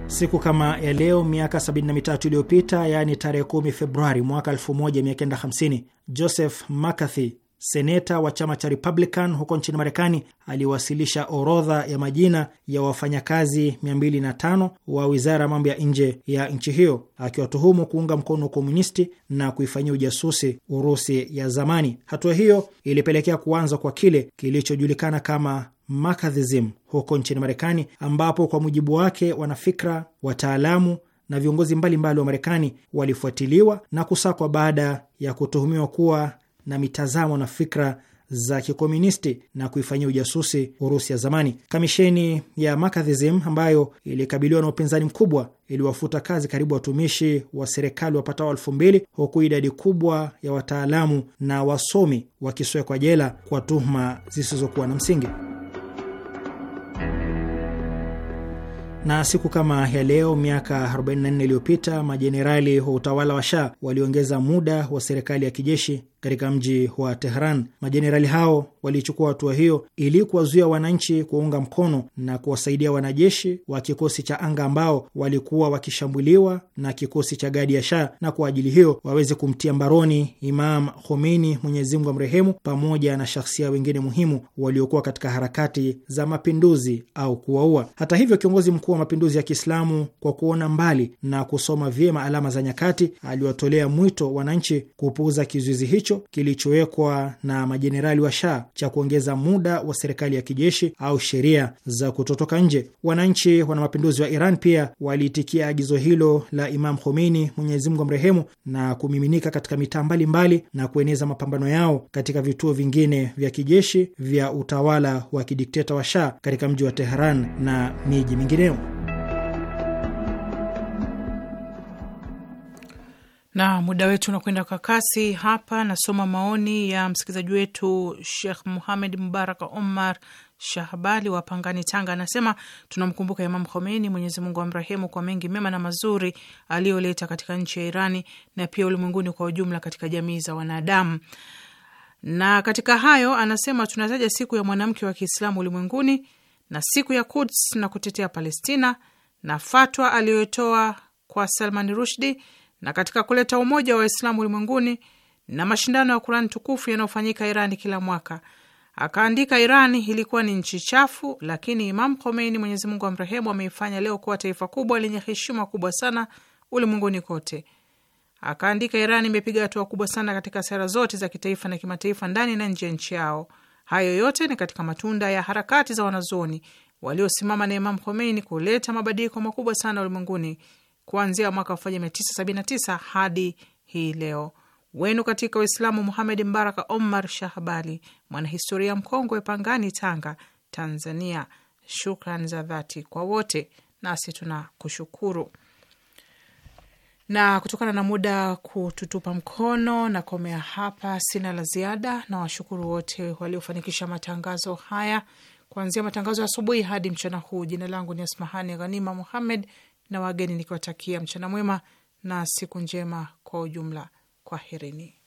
Siku kama ya leo miaka 73 iliyopita, yaani tarehe 10 Februari mwaka 1950, Joseph McCarthy seneta wa chama cha Republican huko nchini Marekani aliwasilisha orodha ya majina ya wafanyakazi 205 wa wizara ya mambo ya nje ya nchi hiyo akiwatuhumu kuunga mkono ukomunisti na kuifanyia ujasusi Urusi ya zamani. Hatua hiyo ilipelekea kuanza kwa kile kilichojulikana kama McCarthyism huko nchini Marekani, ambapo kwa mujibu wake wanafikra, wataalamu na viongozi mbalimbali wa Marekani walifuatiliwa na kusakwa baada ya kutuhumiwa kuwa na mitazamo na fikra za kikomunisti na kuifanyia ujasusi Urusi ya zamani. Kamisheni ya Makathism ambayo ilikabiliwa na upinzani mkubwa iliwafuta kazi karibu watumishi wa serikali wapatao elfu mbili huku idadi kubwa ya wataalamu na wasomi wakiswekwa jela kwa tuhuma zisizokuwa na msingi. na siku kama ya leo miaka 44 iliyopita majenerali wa utawala wa Shah waliongeza muda wa serikali ya kijeshi katika mji wa Tehran. Majenerali hao walichukua hatua hiyo ili kuwazuia wananchi kuwaunga mkono na kuwasaidia wanajeshi wa kikosi cha anga ambao walikuwa wakishambuliwa na kikosi cha gadi ya Shah, na kwa ajili hiyo waweze kumtia mbaroni Imam Khomeini, Mwenyezi Mungu amrehemu, pamoja na shahsia wengine muhimu waliokuwa katika harakati za mapinduzi au kuwaua. Hata hivyo, kiongozi mkuu wa mapinduzi ya Kiislamu kwa kuona mbali na kusoma vyema alama za nyakati, aliwatolea mwito wananchi kupuuza kizuizi hicho hicho kilichowekwa na majenerali wa Shah cha kuongeza muda wa serikali ya kijeshi au sheria za kutotoka nje. Wananchi wana mapinduzi wa Iran pia waliitikia agizo hilo la Imam Khomeini, Mwenyezi Mungu amrehemu, na kumiminika katika mitaa mbalimbali na kueneza mapambano yao katika vituo vingine vya kijeshi vya utawala wa kidikteta wa Shah katika mji wa Tehran na miji mingineo. na muda wetu unakwenda kwa kasi hapa. Nasoma maoni ya msikilizaji wetu Shekh Muhamed Mubarak Omar Shahbali wa Pangani, Tanga, anasema tunamkumbuka Imam Khomeini, Mwenyezi Mungu amrehemu, kwa mengi mema na mazuri aliyoleta katika nchi ya Irani na pia ulimwenguni kwa ujumla katika jamii za wanadamu. Na katika hayo anasema tunataja siku ya mwanamke wa Kiislamu ulimwenguni na siku ya Kuds na kutetea Palestina na fatwa aliyotoa kwa Salman Rushdi na katika kuleta umoja wa Waislamu ulimwenguni na mashindano ya Kurani tukufu yanayofanyika Irani kila mwaka. Akaandika, Irani ilikuwa ni nchi chafu, lakini Imam Khomeini, Mwenyezi Mungu amrehemu, ameifanya leo kuwa taifa kubwa lenye heshima kubwa sana ulimwenguni kote. Akaandika, Irani imepiga hatua kubwa sana katika sera zote za kitaifa na kimataifa, ndani na nje ya nchi yao. Hayo yote ni katika matunda ya harakati za wanazuoni waliosimama na Imam Khomeini kuleta mabadiliko makubwa sana ulimwenguni kuanzia mwaka 1979 hadi hii leo. Wenu katika Uislamu, Muhamed Mbaraka Omar Shahbali, mwanahistoria mkongwe, Pangani, Tanga, Tanzania. Shukran za dhati kwa wote, nasi tuna kushukuru. Na kutokana na muda kututupa mkono, nakomea hapa, sina la ziada, na washukuru wote waliofanikisha matangazo haya kuanzia matangazo ya asubuhi hadi mchana huu. Jina langu ni Asmahani Ghanima Muhamed na wageni nikiwatakia mchana mwema na siku njema kwa ujumla. Kwaherini.